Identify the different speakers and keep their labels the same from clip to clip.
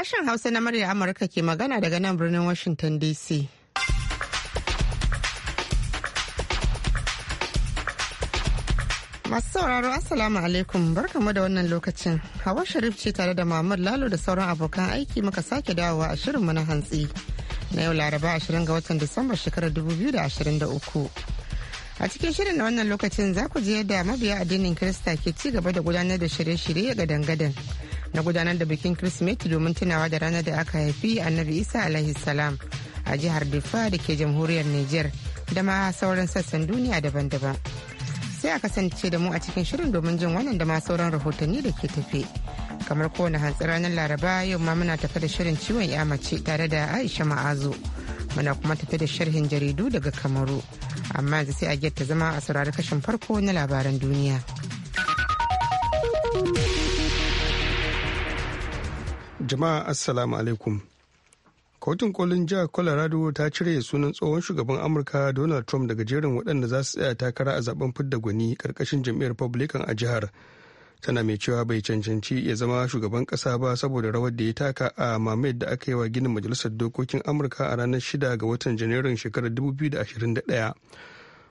Speaker 1: Sashen Hausa na murya Amurka ke magana daga nan birnin Washington DC. Masu sauraro Assalamu alaikum barkamu da wannan lokacin. Hawa Sharif ce tare da muhammad Lalo da sauran abokan aiki muka sake dawowa a shirinmu na hantsi. Na yau Laraba 20 ga watan Disamba shekarar 2023. A cikin shirin na wannan lokacin za ku ji yadda mabiya addinin Kirista ke ci gaba da gudanar da shirye-shirye ga dangadan. na gudanar da bikin kirsimeti domin tunawa da ranar da aka haifi annabi isa alaihi salam a jihar diffa da ke jamhuriyar niger da ma sauran sassan duniya daban-daban sai a kasance da mu a cikin shirin domin jin wannan da ma sauran rahotanni da ke tafe kamar kowane hantsi ranar laraba yau ma muna tafi da shirin ciwon ya mace tare da aisha ma'azu muna kuma tafi da sharhin jaridu daga kamaru amma yanzu sai a ta zama a saurari kashin farko na
Speaker 2: labaran duniya. jama'a assalamu alaikum kotun kolin jihar colorado ta cire sunan tsohon shugaban amurka donald trump daga jerin waɗanda za su tsaya takara a zaben fidda gwani karkashin jam'iyyar republican a jihar tana mai cewa bai cancanci ya zama shugaban ƙasa ba saboda rawar da ya taka a mamayar da aka yi wa ginin majalisar dokokin amurka a ranar 6 ga watan janairun shekarar 2021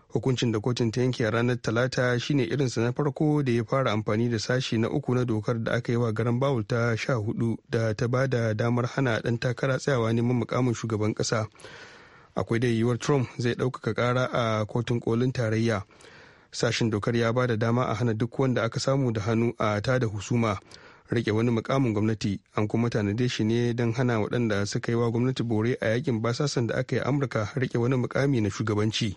Speaker 2: hukuncin da kotun ta yanke a ranar talata shine irinsa na farko da ya fara amfani da sashi na uku na dokar da aka yi wa garan bawul ta sha hudu da ta ba da damar hana dan takara tsayawa neman mukamin shugaban kasa akwai dai yiwuwar trump zai ɗaukaka ƙara a kotun kolin tarayya sashin dokar ya ba da dama a hana duk wanda aka samu da hannu a tada husuma rike wani mukamin gwamnati an kuma tanade shi ne don hana waɗanda suka yi wa gwamnati bore a yakin basasan da aka yi amurka rike wani mukami na shugabanci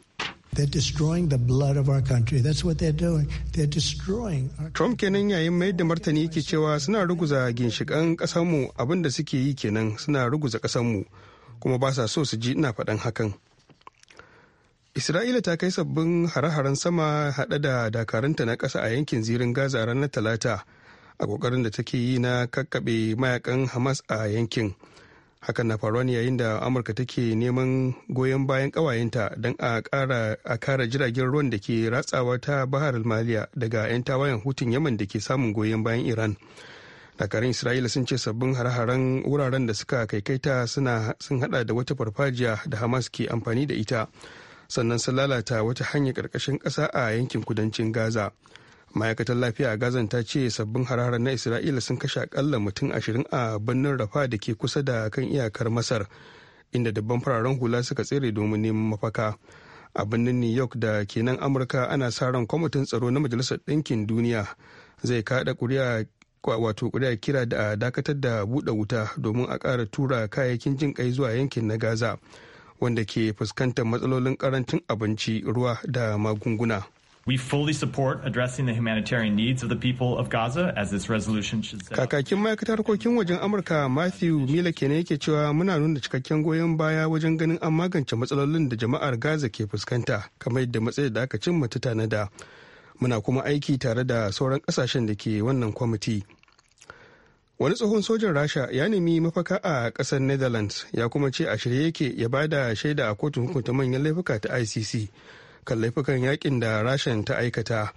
Speaker 2: They're destroying the blood of our country. That's what they're doing. They're destroying our Trump kenan yayin mayar da martani yake cewa suna ruguza ginshikan kasanmu abinda suke yi kenan suna ruguza kasanmu kuma ba sa so su ji ina faɗan hakan. Isra'ila ta kai sabbin hare-haren sama haɗe da dakaranta na ƙasa a yankin zirin Gaza ranar Talata a ƙoƙarin da take yi na kakkaɓe mayakan Hamas a yankin. hakan na faruwa ne yayin da amurka take neman goyon bayan ƙawayenta don a kara jiragen ruwan da ke ratsawa ta bahar maliya daga 'yan tawayen hutun yaman da ke samun goyon bayan iran dakarun isra'ila sun ce sabbin har-haren wuraren da suka kaikaita suna sun hada da wata farfajiya da hamas ke amfani da ita sannan sun lalata wata hanyar ƙarƙashin ƙasa a yankin kudancin gaza ma'aikatar lafiya a gazan ta ce sabbin harhara na isra'ila sun kashe akalla mutum ashirin a birnin rafa da ke kusa da kan iyakar masar inda dabban fararen hula suka tsere domin neman mafaka a birnin new york da kenan amurka ana sa ran kwamitin tsaro na majalisar ɗinkin duniya zai kaɗa kuri'a wato kuri'a kira da dakatar da buɗe wuta domin a ƙara tura kayayyakin jin kai zuwa yankin na gaza wanda ke fuskantar matsalolin karancin abinci ruwa da magunguna. We fully support
Speaker 3: addressing humanitarian needs of the of Gaza as this resolution Kakakin
Speaker 2: ma'aikatar harkokin wajen Amurka Matthew Miller kenan yake cewa muna nuna cikakken goyon baya wajen ganin an magance matsalolin da jama'ar Gaza ke fuskanta kamar yadda matsayi da aka cimma ta tanada. Muna kuma aiki tare da sauran kasashen da ke wannan kwamiti. Wani tsohon sojan Rasha ya nemi mafaka a ƙasar Netherlands ya kuma ce a shirye yake ya bada shaida a kotun hukunta manyan laifuka ta ICC. kan laifukan yakin da rashin ta aikata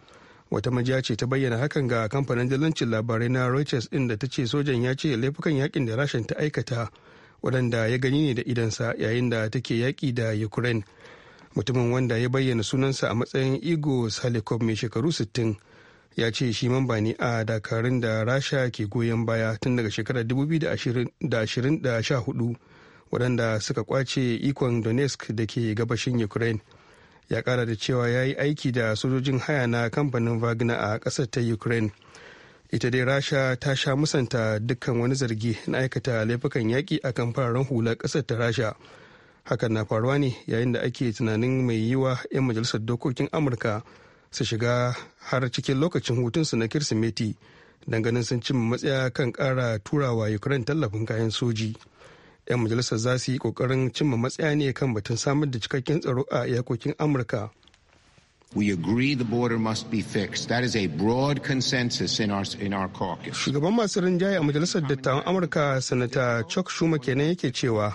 Speaker 2: wata majiya ce ta bayyana hakan ga kamfanin dalancin labarai na reuters inda da ta ce sojan ya ce laifukan yakin da rashin ta aikata waɗanda ya gani ne da idansa yayin da take yaƙi da ukraine mutumin wanda ya bayyana sunansa a matsayin igo salikov mai shekaru 60 ya ce shi mamba ne a dakarun da rasha ke goyon baya tun daga shekarar 2014 waɗanda suka kwace ikon donetsk da ke gabashin ukraine ya kara da cewa ya yi aiki da sojojin haya na kamfanin wagner a kasar ta ukraine ita dai rasha ta sha musanta dukkan wani zargi na aikata laifukan yaƙi a kan fararen hular kasar ta rasha hakan na faruwa ne yayin da ake tunanin mai yiwa 'yan majalisar dokokin amurka su shiga har cikin lokacin hutunsu na kirsimeti ganin sun cimma matsaya kan ƙara turawa ukraine tallafin kayan soji. 'yan majalisar za su yi kokarin cimma matsaya ne kan batun samar da cikakken tsaro a iyakokin amurka
Speaker 4: We agree the border must be fixed. That is a broad consensus in our, in our caucus.
Speaker 2: Shugaban masu rinjaye a Majalisar Dattawan Amurka, Sanata Chuck Schumer kenan yake cewa,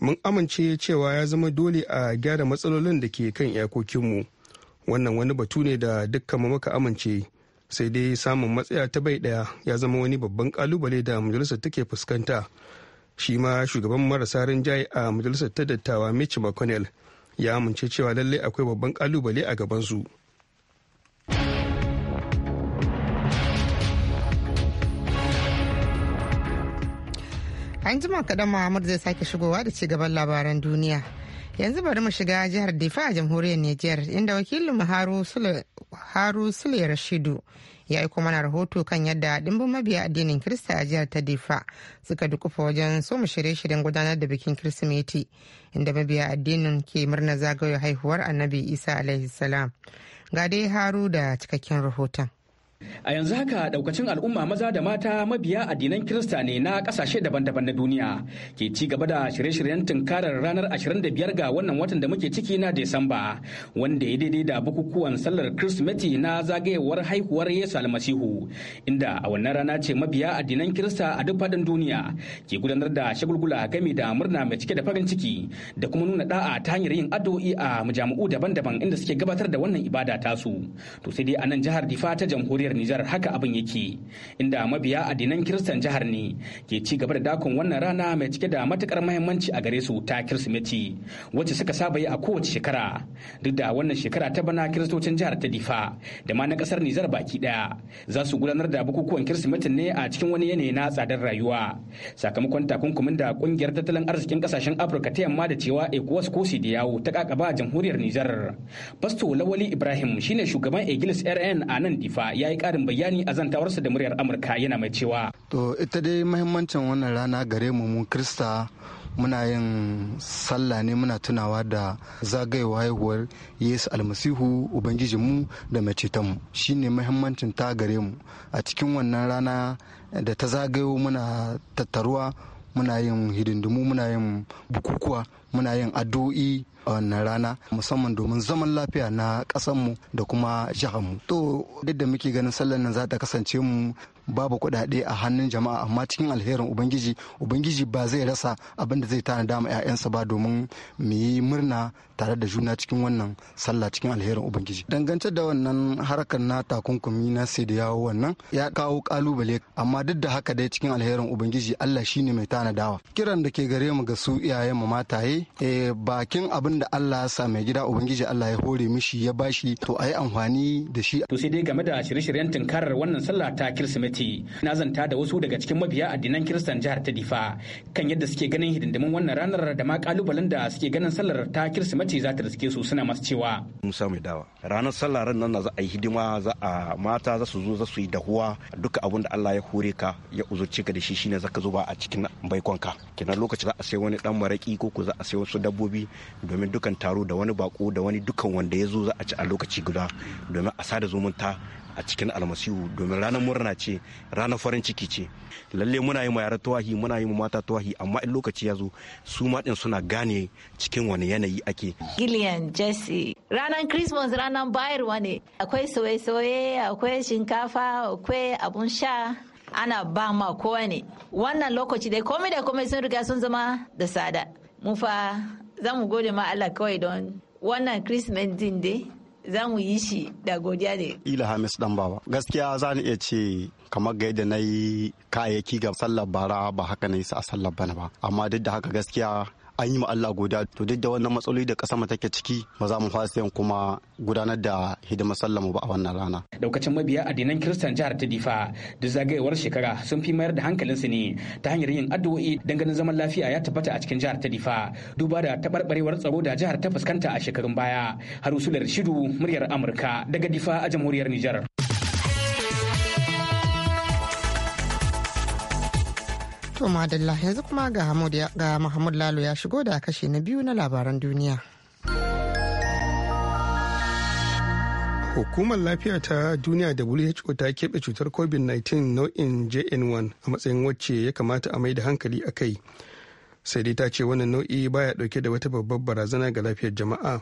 Speaker 2: mun amince cewa ya zama dole a gyara matsalolin da ke kan iyakokinmu. Wannan wani batu ne da dukkan muka amince, sai dai samun matsaya ta bai daya ya zama wani babban kalubale da majalisar take fuskanta. shi ma shugaban marasa rinjaye a majalisar ta dattawa mitch mcconnell ya amince cewa lallai akwai babban kalubale a gabansu
Speaker 1: an jima kaɗan muhammad zai sake shigowa da cigaban labaran duniya yanzu bari mu shiga jihar difa a jamhuriyar niger inda wakilin haru sule rashidu ya aiko mana rahoto kan yadda dimbin mabiya addinin kirista a jihar ta difa suka dukufa wajen soma shirye-shiryen gudanar da bikin kirsimeti inda mabiya addinin ke murna zagayo haihuwar annabi isa alaihi salam ga dai haru da cikakken rahoton
Speaker 5: A yanzu haka daukacin al'umma maza da mata mabiya addinan Kirista ne na kasashe daban-daban na duniya ke ci gaba da shirye-shiryen tunkarar ranar 25 ga wannan watan da muke ciki na Desamba wanda ya daidai da bukukuwan sallar Kirsimeti na zagayewar haihuwar Yesu Almasihu inda a wannan rana ce mabiya addinan Kirista a duk faɗin duniya ke gudanar da shagulgula game da murna mai cike da farin ciki da kuma nuna da'a ta hanyar yin addu'o'i a majami'u daban-daban inda suke gabatar da wannan ibada tasu to sai dai a nan jihar Difa ta jamhuriyar jamhuriyar Nijar haka abin yake inda mabiya addinan Kiristan jihar ne ke ci gaba da dakon wannan rana mai cike da matukar muhimmanci a gare su ta Kirsimeti wacce suka saba yi a kowace shekara duk da wannan shekara ta bana Kiristocin jihar ta Difa da ma na kasar Nijar baki daya za su gudanar da bukukuwan Kirsimetin ne a cikin wani yanayi na tsadar rayuwa sakamakon takunkumin da kungiyar tattalin arzikin kasashen Afirka ta yamma da cewa ECOWAS ko yawo ta kakaba jamhuriyar Nijar Pasto Lawali Ibrahim shine shugaban Egilis RN a nan Difa ya yi karin bayani a zantawarsa da muryar amurka yana mai cewa
Speaker 6: to ita dai mahimmancin wannan rana gare mu mu krista muna yin sallah ne muna tunawa da zagayewa haihuwar yesu almasihu ubangijinmu da mai cetonmu shine mahimmancin ta gare mu a cikin wannan rana da ta zagayo muna tattaruwa muna yin hidindimu muna yin bukukuwa muna yin addu'i a wannan rana musamman domin zaman lafiya na mu da kuma mu to duk da muke ganin sallar nan za ta kasance mu babu kuɗaɗe a hannun jama'a amma cikin alherin ubangiji ubangiji ba zai rasa abin da zai tanada ma 'ya'yansa ba domin mu yi murna tare da juna cikin wannan sallah cikin alherin ubangiji dangance da wannan harkar na takunkumi na sai da yawo wannan ya kawo kalubale amma duk da haka dai cikin alherin ubangiji allah shine mai dawa. kiran da ke gare mu ga su iyayen mu mataye eh, bakin abin da allah ya sa mai gida ubangiji allah ya hore mishi ya bashi to a yi amfani da shi to sai
Speaker 5: dai game da shirye-shiryen tunkarar wannan sallah ta kirsimeti gwamnati na zanta da wasu daga cikin mabiya addinan kiristan jihar ta difa kan yadda suke ganin hidindimin wannan ranar da ma kalubalen da suke ganin sallar ta kirsimati za ta riske su suna masu cewa musa
Speaker 4: mai dawa ranar sallar nan na za a yi hidima za a mata za su zo za su yi dahuwa duka abun da Allah ya hore ka ya uzurce ka da shi shine zaka zuba a cikin baikonka kenan lokaci za a sai wani dan maraki ko ku za a sai wasu dabbobi domin dukan taro da wani bako da wani dukan wanda ya zo za a ci a lokaci guda domin a sada zumunta a cikin almasihu domin ranar murna ce ranar farin ciki ce lalle muna yi ma yara tawahi muna yi ma mata tawahi amma in lokaci ya zo su maɗin suna gane cikin wani yanayi ake
Speaker 7: gillian jesse ranar christmas ranar bayarwa ne akwai sauye-sauye akwai shinkafa akwai abun sha ana ba ma kowa ne wannan lokaci dai komai da komai sun riga sun zama da sada mu fa za mu gode ma Allah kawai don wannan christmas din dai za mu yi shi da godiya ne.
Speaker 2: Ila
Speaker 6: Hamis dan baba. Gaskiya za ni iya ce kamar ga yadda na yi kayayyaki ga sallar bara ba haka na yi sa a sallar bana ba. Amma duk da haka gaskiya an yi ma Allah guda. to duk da wannan matsaloli da kasa mu take ciki ba za mu fasa yin kuma gudanar da hidimar sallah mu ba a wannan rana
Speaker 5: daukacin mabiya addinan kiristan jihar ta difa duk zagayewar shekara sun fi mayar da hankalinsu ne ta hanyar yin addu'o'i ganin zaman lafiya ya tabbata a cikin jihar ta difa duba da tabarbarewar tsaro da jihar ta fuskanta a shekarun baya harusular shidu muryar amurka daga difa a jamhuriyar nijar
Speaker 1: To madalla yanzu kuma ga Mahmud Lalo ya shigo da kashe na biyu na labaran duniya.
Speaker 2: Hukumar lafiya ta duniya WHO ta keɓe cutar COVID-19 nau'in JN1 a matsayin wacce ya kamata a mai da hankali a kai. Sai dai ta ce wannan nau'i baya ɗauke da wata babbar barazana ga lafiyar jama'a.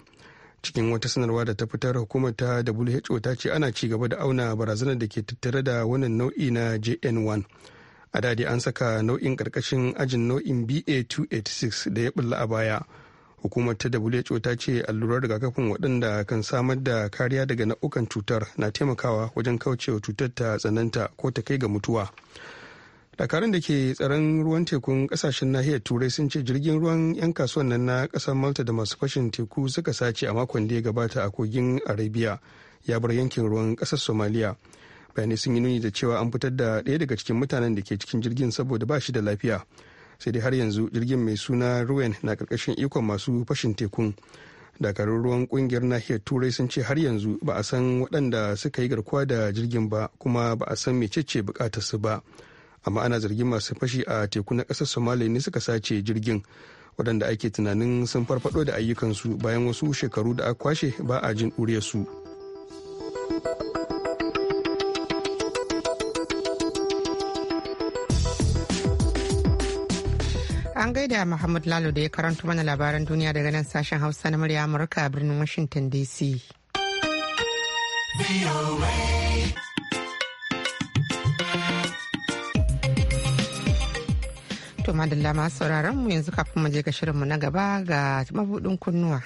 Speaker 2: cikin wata sanarwa da ta fitar hukumar ta WHO ta ce ana ci gaba da auna barazanar da ke tattare da wannan nau'i na JN1. a dadi an saka nau'in karkashin ajin nau'in ba286 da ya bulla a baya hukumar ta who ta ce allurar rigakafin waɗanda kan samar da kariya daga nau'ukan cutar na taimakawa wajen kaucewa cutar ta tsananta ko ta kai ga mutuwa dakarun da ke tsaron ruwan tekun kasashen nahiyar turai sun ce jirgin ruwan 'yan kasuwan nan na kasar malta da masu fashin teku suka sace a makon da ya gabata a kogin arabia ya bar yankin ruwan kasar somaliya bayanai sun yi nuni da cewa an fitar da ɗaya daga cikin mutanen da ke cikin jirgin saboda ba shi da lafiya sai dai har yanzu jirgin mai suna ruwan na karkashin ikon masu fashin tekun dakarun ruwan kungiyar nahiyar turai sun ce har yanzu ba a san waɗanda suka yi garkuwa da jirgin ba kuma ba a san mecece su ba amma ana zargin masu fashi a teku na ƙasar somalia ne suka sace jirgin waɗanda ake tunanin sun farfado da ayyukansu bayan wasu shekaru da aka kwashe ba a jin ɗuriyarsu. su
Speaker 1: an gaida Muhammad Lalo da ya karanto mana labaran duniya daga nan sashen Hausa na murya Amurka a birnin Washington DC. To madalla masu sauraron mu yanzu kafin mu je ga shirinmu na gaba ga mabudin kunnuwa.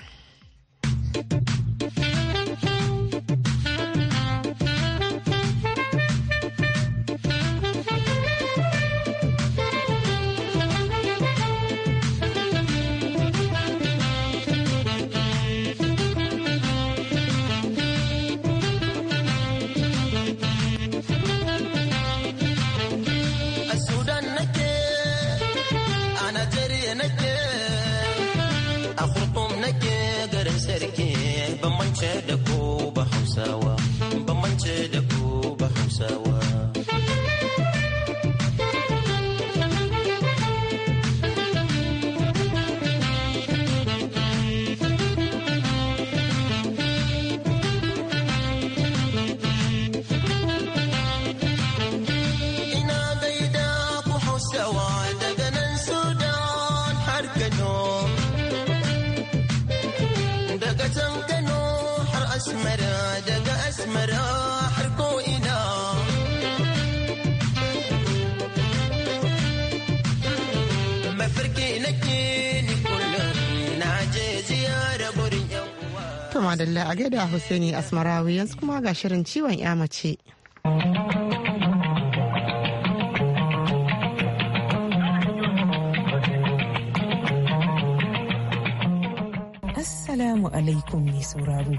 Speaker 7: ce da ku ba hausawa
Speaker 1: da a gaida Hussaini Asmarawi yanzu kuma ga shirin ciwon ya mace.
Speaker 3: Assalamu alaikum mai sauraro.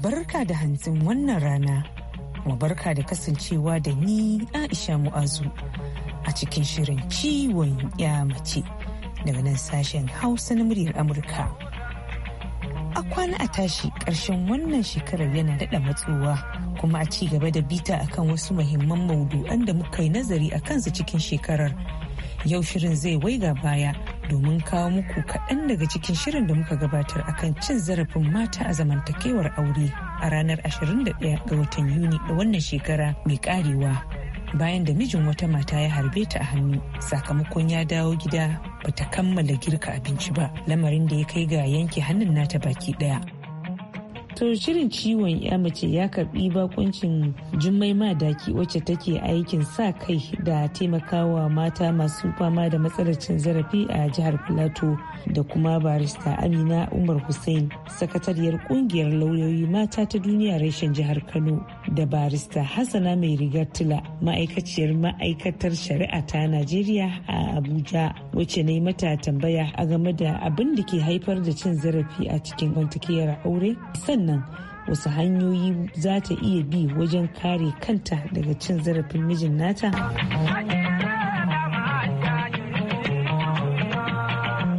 Speaker 3: Barka da hantsin wannan rana, mu barka da kasancewa da ni Aisha Mu'azu a cikin shirin ciwon ya mace daga nan sashen Hausa na muryar Amurka. a kwana a tashi ƙarshen wannan shekarar yana daɗa matsowa kuma a ci gaba da bita akan wasu muhimman maudu'an da muka yi nazari a kansu cikin shekarar yau shirin zai waiga baya domin kawo muku kaɗan daga cikin shirin da muka gabatar akan cin zarafin mata a zamantakewar aure a ranar 21 ga watan yuni da wannan shekara mai karewa bayan da mijin wata mata ya harbe ta a hannu sakamakon ya dawo gida ta kammala girka abinci ba lamarin da ya kai ga yanke hannun nata baki ɗaya. To shirin ciwon ya mace ya karbi bakuncin Jummai Madaki wacce take aikin sa kai da taimakawa mata masu fama da matsalar cin zarafi a jihar Filato da kuma barista Amina Umar Hussein sakatariyar kungiyar lauyoyi mata ta duniya reshen jihar Kano da barista Hassana mai rigar tula ma'aikaciyar ma'aikatar shari'a ta Najeriya a Abuja wacce na yi mata tambaya a game da abin da ke haifar da cin zarafi a cikin kwantakiyar aure sannan nan wasu hanyoyi za ta iya bi wajen kare kanta daga cin zarafin mijin nata?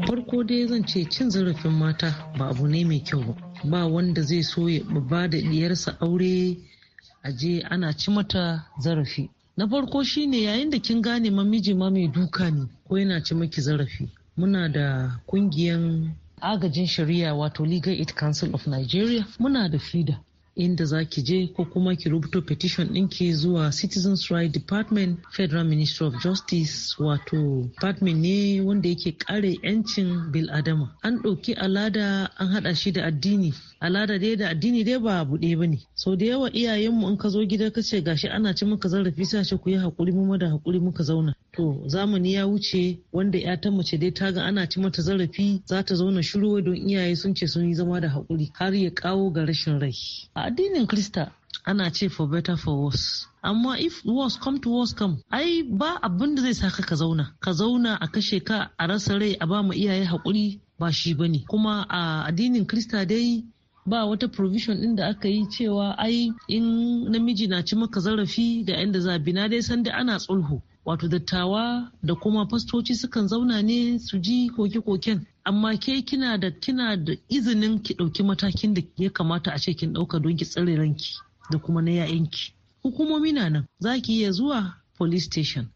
Speaker 7: farko dai zan ce cin zarafin mata ba abu ne mai kyau ba wanda zai so ya ba da diyarsa aure a je ana ci mata zarafi na farko shine yayin da kin gane mamiji ma mai duka ne ko yana ci maki zarafi muna da kungiyan agajin shari'a wato legal aid council of nigeria muna da fida inda za ki je ko kuma ki rubuto petition ɗinki zuwa citizens right department federal ministry of justice wato department ne wanda yake kare 'yancin bil'adama an ɗauki alada an haɗa shi da addini alada dai da addini dai ba buɗe ba ne sau da yawa iyayenmu in ka zo gida ka ce gashi ana ci maka zarafi sai ce ku yi haƙuri mu da haƙuri muka zauna to zamani ya wuce wanda ya ta mace dai ta ga ana ci mata zarafi za ta zauna shiru don iyaye sun ce sun yi zama da haƙuri har ya kawo ga rashin rai a addinin krista ana ce for better for worse amma if worse come to worse come ai ba abin da zai sa ka zauna ka zauna a kashe ka a rasa rai a ba mu iyaye haƙuri ba shi bane kuma a addinin krista dai ba wata provision din da aka yi cewa ai in namiji na ci maka zarafi da yan da zabi na dai san da ana tsulhu wato dattawa da kuma fastoci sukan zauna ne su ji koke-koken amma ke kina da kina da izinin ki ɗauki matakin da ya kamata a ce kin ɗauka don ki tsare ranki da kuma na 'ya'yanki hukumomi na nan za ki iya zuwa police station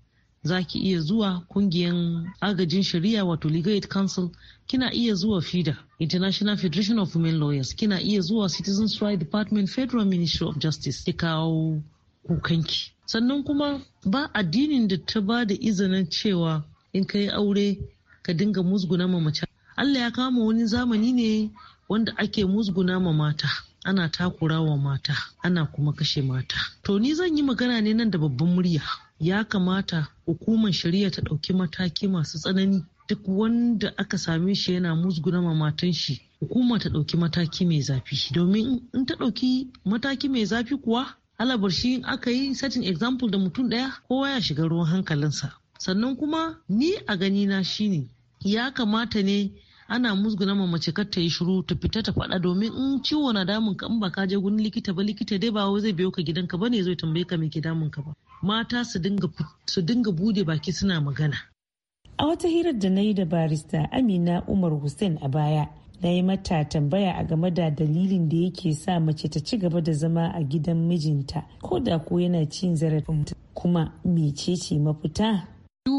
Speaker 7: za ki iya zuwa kungiyan agajin shari'a wato legal aid council kina iya zuwa fida international federation of women lawyers kina iya zuwa citizens right department federal ministry of justice ki kawo kukanki sannan kuma ba addinin da ta ba da izinin cewa in kai aure ka dinga musguna ma mace allah ya kama wani zamani ne wanda ake musguna ma mata ana takura wa mata ana kuma kashe mata to ni zan yi magana ne nan da babban murya ya kamata hukumar shari'a ta ɗauki mataki masu tsanani duk wanda aka same shi yana musguna matan shi hukuma ta ɗauki mataki mai zafi domin in ta ɗauki mataki mai zafi kuwa alabar shi aka yi satin example da mutum ɗaya kowa ya shiga ruwan hankalinsa sannan kuma ni a gani ganina shine ya kamata ne ana musguna mamace mace kar ta yi shiru ta fita ta faɗa domin in ciwo na damun ka in ba ka je gurin likita ba likita dai ba wai zai biyo ka gidanka ba ne zai tambayi ka me ke damun ka ba mata su dinga bude baki suna magana.
Speaker 3: A wata hirar da na yi da barista Amina Umar Hussein a baya, na yi mata tambaya a game da dalilin da yake sa mace ta ci gaba da zama a gidan mijinta
Speaker 7: ko
Speaker 8: da ko yana cin zarafin kuma mecece mafita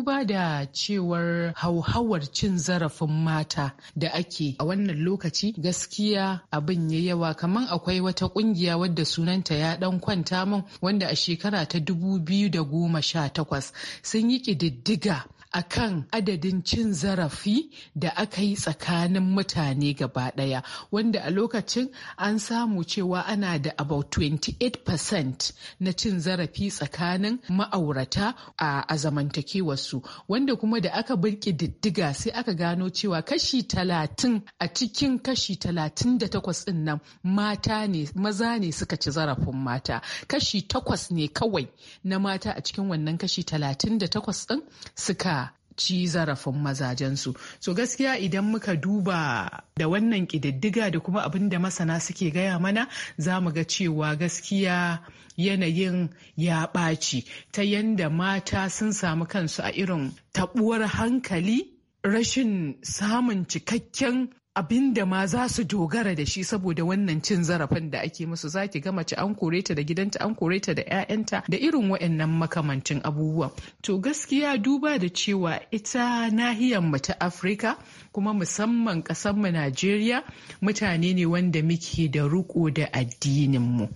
Speaker 8: duba da cewar hauhawar cin zarafin mata da ake a wannan lokaci gaskiya abin ya yawa kamar akwai wata kungiya wadda sunanta ya dan kwanta min wanda a shekara ta dubu biyu da goma sha takwas sun yi ƙididdiga a kan adadin cin zarafi da aka yi tsakanin mutane gaba ɗaya wanda a lokacin an samu cewa ana da about 28% na cin zarafi tsakanin ma'aurata a, a zamantakewarsu wanda kuma da aka birki diddiga sai aka gano cewa kashi 30 a cikin kashi 38 din nan mata ne maza ne suka ci zarafin mata kashi takwas ne kawai na mata a cikin wannan kashi 38 din suka ci zarafin mazajensu so gaskiya idan muka duba da wannan ƙididdiga da kuma abin da masana suke gaya mana za mu ga cewa gaskiya yanayin ya ɓaci ta yanda mata sun samu kansu a irin taɓuwar hankali rashin samun cikakken abin da ma za su dogara da shi saboda wannan cin zarafin da ake musu za ki ga mace an kore ta da gidanta an kore ta da 'ya'yanta da irin waɗannan makamancin abubuwan to gaskiya duba da cewa ita nahiyar mu ta afirka kuma musamman ƙasar mu najeriya mutane ne wanda muke da riko da addinin mu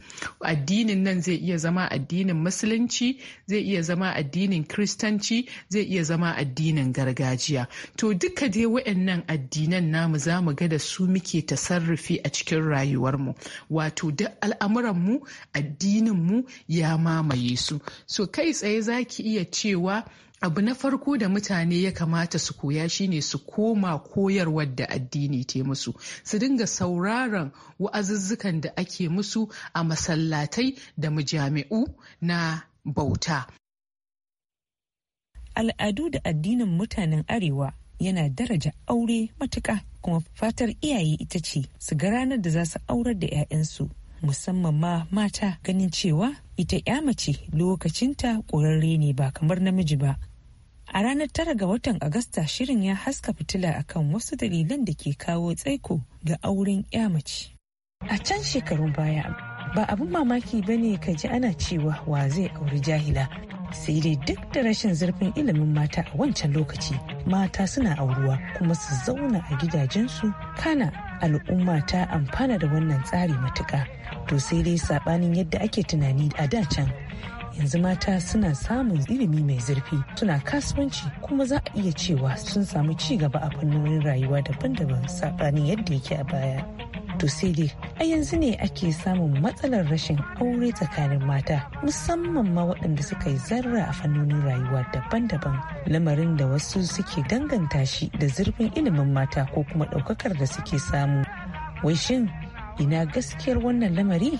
Speaker 8: addinin nan zai iya zama addinin musulunci zai iya zama addinin kristanci zai iya zama addinin gargajiya to duka dai waɗannan addinan namu zamu mu ga da su muke tasarrufi a cikin rayuwarmu wato duk al'amuranmu addininmu ya mamaye su so kai tsaye za ki iya cewa abu na farko da mutane ya kamata su koya shine su koma koyarwar da addini te musu su dinga sauraron wa'azuzzukan da ake musu a masallatai da mujami'u na bauta al'adu da
Speaker 3: addinin mutanen arewa yana daraja aure matuƙa kuma fatar iyaye ita ce su ga ranar da za su aurar da 'ya'yansu musamman ma mata ganin cewa ita 'ya mace lokacinta ƙorarre ne ba kamar namiji ba a ranar tara ga watan agusta shirin ya haska fitila akan wasu dalilan da ke kawo tsaiko ga auren 'ya mace a can shekarun baya ba abin mamaki ba ne ka ji ana cewa wa zai auri jahila sai dai duk da rashin zurfin ilimin mata a wancan lokaci mata suna auruwa kuma su zauna a gidajensu kana al'umma ta amfana da wannan tsari matuka to sai dai sabanin yadda ake tunani a da can yanzu mata suna samun ilimi mai zurfi suna kasuwanci kuma za a iya cewa sun samu ci gaba a fannonin rayuwa daban-daban sabanin yadda yake a baya to sai dai a yanzu ne ake samun matsalar rashin aure tsakanin mata musamman ma waɗanda suka yi zarra a fannonin rayuwa daban-daban lamarin da wasu suke danganta shi da zurfin ilimin mata ko kuma ɗaukakar da suke samu wai shin ina gaskiyar wannan lamari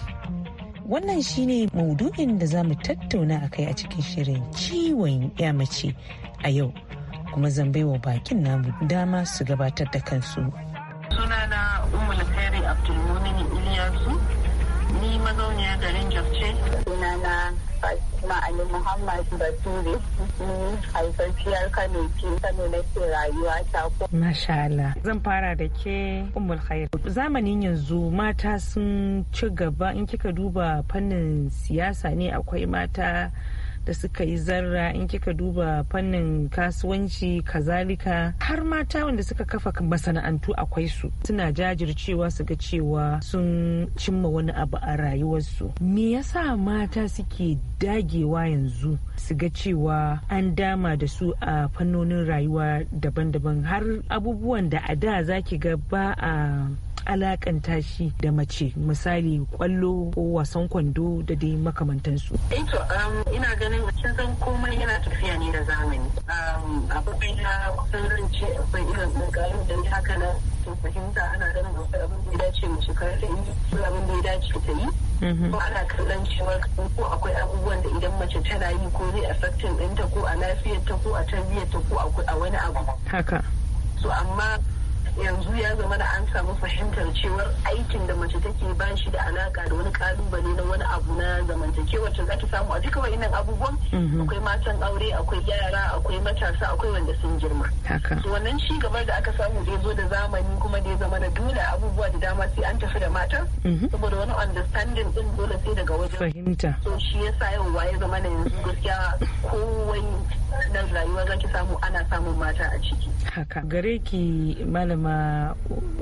Speaker 3: wannan shi shine maudu'in da za mu tattauna a kai a cikin shirin ciwon ya mace a yau kuma zan baiwa bakin namu dama su gabatar da kansu
Speaker 9: sunana Alherin Abdulmumini Iliyasu, ni mazauniyar garin Jafce. na Fatima Ali Muhammad baturi ni haifafiyar Kano ke Kano na ke rayuwa ta ko.
Speaker 3: Masha Allah. Zan fara da ke Ummul Khair. Zamanin yanzu mata sun ci gaba in kika duba fannin siyasa ne akwai mata da suka yi zarra in kika duba fannin kasuwanci kazalika har mata wanda suka kafa masana'antu akwai su suna jajircewa su ga cewa sun cimma wani abu a rayuwarsu me yasa mata suke dagewa yanzu su ga cewa an dama da su a fannonin rayuwa daban-daban har abubuwan da a da zaki ga ba a alakanta shi da mace misali kwallo ko wasan kwando da dai makamantansu.
Speaker 9: Eto, eh um, ina ganin kin san komai yana tafiya ne da zamani. Um, abubuwan ya kusan zan ce akwai irin ƙoƙarin da ya haka na fahimta ana ganin akwai abin da ya dace mace kar ta yi abin da ya dace ta yi. Mhm. Ko ana kallon cewa ko akwai abubuwan da idan mace tana yi ko zai affecting ɗinta ko a lafiyarta ko a tarbiyyarta ko a wani abu. Haka. So amma yanzu ya zama da an samu fahimtar cewar aikin da mace take ba shi da alaka da wani kalubale na wani abu na zamantakewa wacce za ta samu a duka wa'innan abubuwan mhm. akwai matan aure akwai yara akwai matasa akwai wanda sun girma so wannan ci gaba da aka samu da zo da zamani kuma da ya zama da dole abubuwa da dama sai an tafi da matan mhm. saboda wani understanding din dole sai daga wajen fahimta so shi yasa yau ya zama na yanzu gaskiya kowai na rayuwa zaki samu ana samun mata a ciki
Speaker 3: haka gare ki malama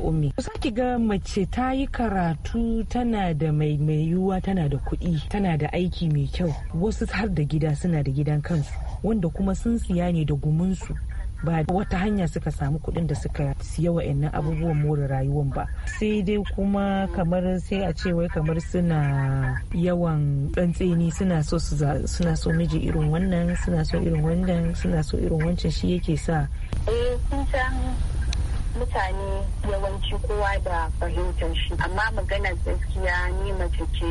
Speaker 3: ummi za ki ga mace ta yi karatu tana da mai mai yiwuwa tana da kuɗi tana da aiki mai kyau wasu har da gida suna da gidan kansu wanda kuma sun siya ne da gumunsu ba wata hanya suka samu kuɗin da suka siya wa wa'annan abubuwan more rayuwan ba sai dai kuma kamar sai a ce wai kamar suna yawan tsantseni suna so suna so miji irin wannan suna so irin wannan suna so irin wancan shi yake sa
Speaker 9: eh mutane yawanci kowa da fahimtar shi amma magana gaskiya ni mace ce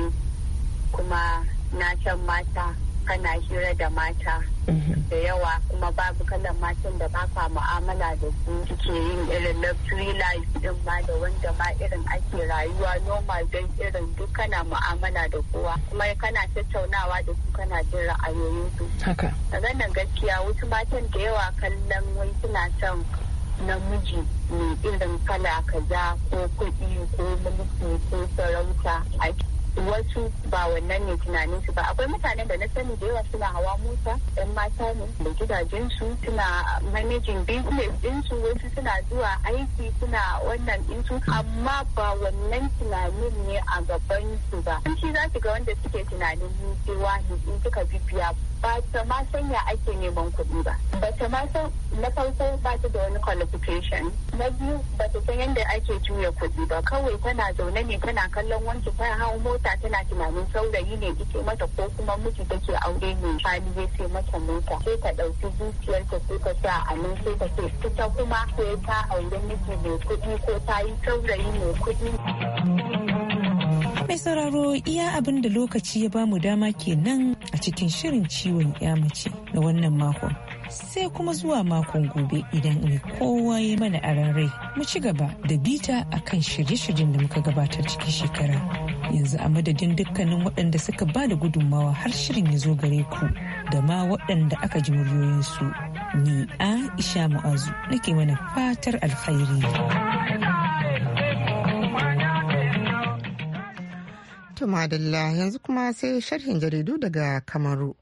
Speaker 9: kuma na can mata kana hira da mata mm-hmm. da yawa kuma babu kalan matan da ba kwa mu'amala da su suke yin irin na free life din ma da wanda ma irin ake rayuwa normal don irin duk kana mu'amala da kowa kuma kana tattaunawa da su kana jin ra'ayoyin su haka nan gaskiya wasu matan da yawa kallon wai suna son namiji mai irin kala kaza ko kuɗi ko mulki ko sarauta a wasu ba wannan ne tunanin su ba akwai mutanen da na sani da yawa suna hawa mota yan mata ne da gidajen su suna managing business din su wasu suna zuwa aiki suna wannan din su amma ba wannan tunanin ne a gaban su ba. Kun za ga wanda suke tunanin ni sai eh, wani in suka bibiya ba ta ma san ya ake neman kuɗi ba ba ta ma san na farko ba ta da wani qualification na biyu ba ta san yadda ake juya kuɗi ba kawai tana zaune ne tana kallon wanki ta hau mota tana tunanin saurayi ne Ita mata ko kuma miji take aure ne hali zai sai mata mota sai ta ɗauki zuciyarta sai ta sa a nan sai ta ce ita kuma sai ta aure miji mai kuɗi ko ta yi saurayi mai kuɗi.
Speaker 3: mai sauraro iya abin da lokaci ya bamu dama kenan cikin shirin ciwon ya mace na wannan makon sai kuma zuwa makon gobe idan mai kowa ya mana aran mu ci gaba da bita a kan shirye-shiryen da muka gabatar cikin shekara yanzu a madadin dukkanin waɗanda suka ba da gudunmawa har shirin ya zo gare ku da ma waɗanda aka ji muryoyinsu ni aisha
Speaker 1: mu'azu nake mana fatar alkhairi To yanzu kuma sai sharhin jaridu daga Kamaru.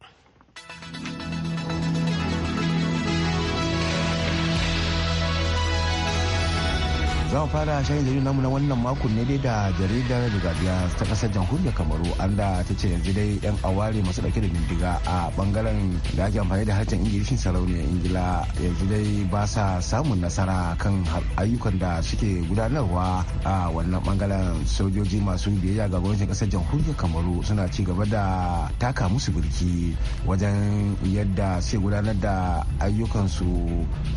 Speaker 4: za mu fara shayin jaridu namu na wannan makon ne dai da jaridar rigadiya ta kasar jamhuriyar kamaru an da ta ce yanzu dai yan aware masu dauke da bindiga a bangaren da ake amfani da harshen ingilishin sarauniyar ingila yanzu dai ba sa samun nasara kan ayyukan da suke gudanarwa a wannan bangaren sojoji masu biyayya ga gwamnatin kasar jamhuriyar kamaru suna ci gaba da taka musu birki wajen yadda suke gudanar da ayyukansu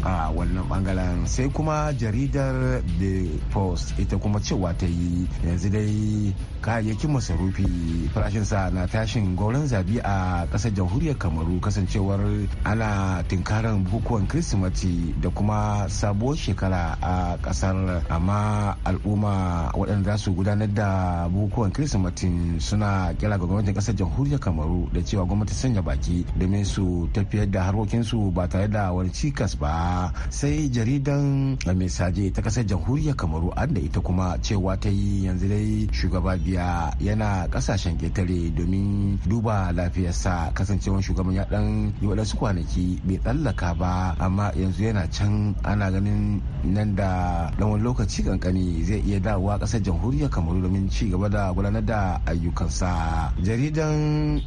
Speaker 4: a wannan bangaren sai kuma jaridar daily post ita kuma cewa ta yi yanzu dai kayayyakin masarufi farashinsa na tashin gwauron zabi a kasar jamhuriyar kamaru kasancewar ana tinkarar bukukuwan kirsimati da kuma sabuwar shekara a ƙasar amma al'umma waɗanda za su gudanar da bukukuwan kirsimatin suna kira ga gwamnatin ƙasar jamhuriyar kamaru da cewa gwamnati sanya baki domin su tafiyar da harkokinsu ba tare da wani cikas ba sai jaridan mai saje ta ƙasar jamhuriyar kamaru an da ita kuma cewa ta yi yanzu dai shugaba biyar ya yana kasashen ketare domin duba lafiyarsa kasancewar shugaban ya dan yi waɗansu kwanaki bai tsallaka ba amma yanzu yana can ana ganin nan da dan lokaci kankani zai iya dawowa ƙasar jamhuriyar kamaru domin ci gaba da gudanar da ayyukansa jaridan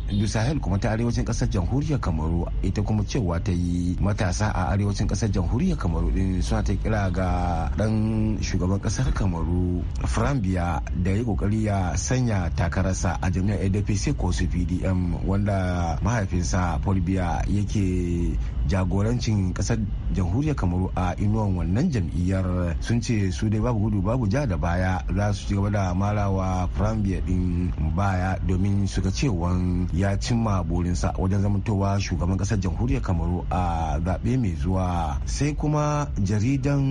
Speaker 4: du kuma ta arewacin ƙasar jamhuriyar kamaru ita kuma cewa ta yi matasa a arewacin ƙasar jamhuriyar kamaru din suna ta kira ga dan shugaban ƙasar kamaru frambia da ya kokari ya sanya takararsa a jami'ar sai ko su pdm wanda mahaifinsa paul biya yake jagorancin kasar jamhuriyar kamaru a inuwan wannan jam'iyyar sun ce su dai babu gudu babu ja da baya za su ci gaba da marawa frambia din baya domin suka ce wan ya cimma burinsa wajen zamantowa shugaban kasar jamhuriyar kamaru a zaɓe mai zuwa sai kuma jaridan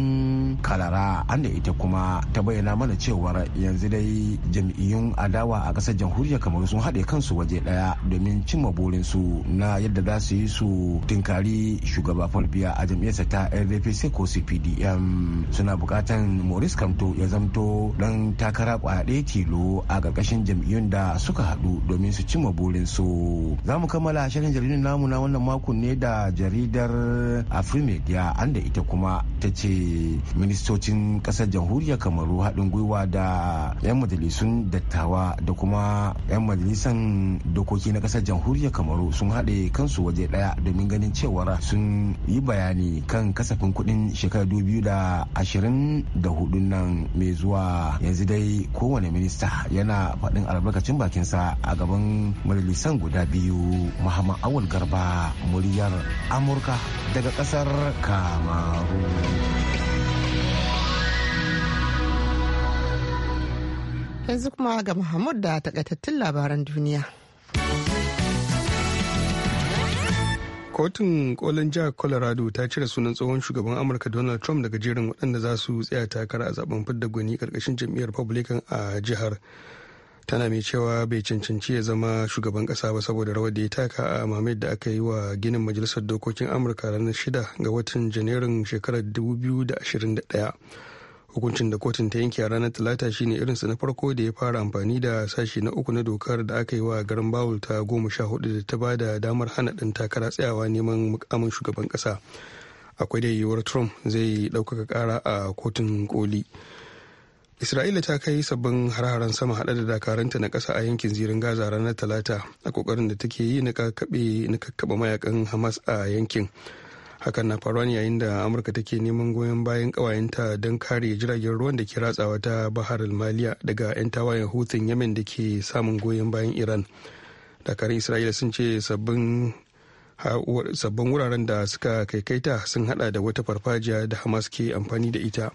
Speaker 4: kalara an da ita kuma ta bayyana mana cewar yanzu dai jam'iyyar jam'iyyun adawa a ƙasar jamhuriyar kamaru sun haɗe kansu waje ɗaya domin cimma burinsu na yadda za su yi su tinkari shugaba falbiya a jam'iyyarsa ta rdpc ko cpdm suna buƙatan maurice kamto ya zamto ɗan takara kwaɗe tilo a ƙarƙashin jam'iyyun da suka haɗu domin su cimma burinsu za mu kammala shirin jaridar namu na wannan makon ne da jaridar afrimedia an da ita kuma ta ce ministocin ƙasar jamhuriyar kamaru haɗin gwiwa da 'yan majalisun da dattawa da kuma 'yan majalisan dokoki na kasar jamhuriyar kamaru sun haɗe kansu waje ɗaya domin ganin cewa sun yi bayani kan kasafin kuɗin shekarar 2024 nan mai zuwa yanzu dai kowane minista yana faɗin albarkacin bakinsa a gaban majalisan guda biyu muhammad awul garba muryar amurka daga ƙasar kamaru.
Speaker 1: yanzu kuma ga muhammad da takaitattun labaran duniya.
Speaker 2: Kotun kolin jihar Colorado ta cire sunan tsohon shugaban Amurka Donald Trump daga jerin waɗanda za su tsaya takara a zaben fidda gwani karkashin jam'iyyar Republican a jihar. Tana mai cewa bai cancanci ya zama shugaban kasa ba saboda rawar da ya taka a mamayar da aka yi wa ginin majalisar dokokin Amurka ranar shida ga watan Janairun shekarar 2021. hukuncin da kotun ta yanke a ranar talata shine irinsa na farko da ya fara amfani da sashi na uku na dokar da aka yi wa garin bawul ta goma sha hudu da ta ba da damar hana ɗan takara tsayawa neman mukamin shugaban ƙasa akwai da yiwuwar trump zai ɗaukaka kara a kotun koli isra'ila ta kai sabbin har-haren sama hada da dakaranta na ƙasa a yankin zirin gaza ranar talata a kokarin da take yi na kakkaɓe mayakan hamas a yankin hakan na faruwa ne yayin da amurka take neman goyon bayan kawayenta don kare jiragen ruwan da ke ratsawa ta bahar maliya daga 'yan tawayen hutun yemen da ke samun goyon bayan iran dakarun isra'ila sun ce sabbin wuraren da suka kaikaita sun hada da wata farfajiya da hamas ke amfani da ita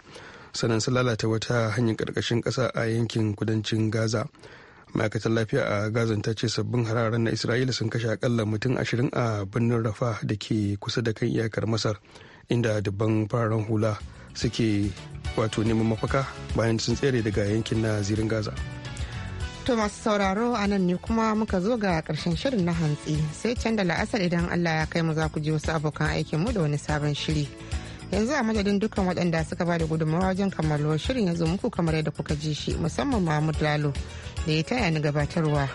Speaker 2: sannan su lalata wata hanyar karkashin kasa a yankin kudancin gaza ma'aikatar lafiya a gazan ta ce sabbin hararen na isra'ila sun kashe akalla mutum ashirin a birnin rafa da ke kusa da kan iyakar masar inda dubban fararen hula suke wato neman mafaka bayan sun tsere daga yankin na zirin gaza
Speaker 1: to masu sauraro a nan ne kuma muka zo ga karshen shirin na hantsi sai can da la'asar idan allah ya kai mu za ku ji wasu abokan aikin mu da wani sabon shiri yanzu a madadin dukkan waɗanda suka ba da gudunmawa wajen kammaluwar shirin ya zo muku kamar yadda kuka ji shi musamman mahmud lalo da ya taya ni gabatarwa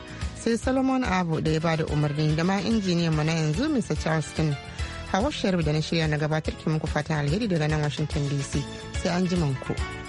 Speaker 1: sai solomon abu da ya bada umarni da ma injiniyan mu na yanzu mr charleston hawa sharif da na shirya na gabatar ki muku fatan alheri daga nan washington dc sai an ji ku.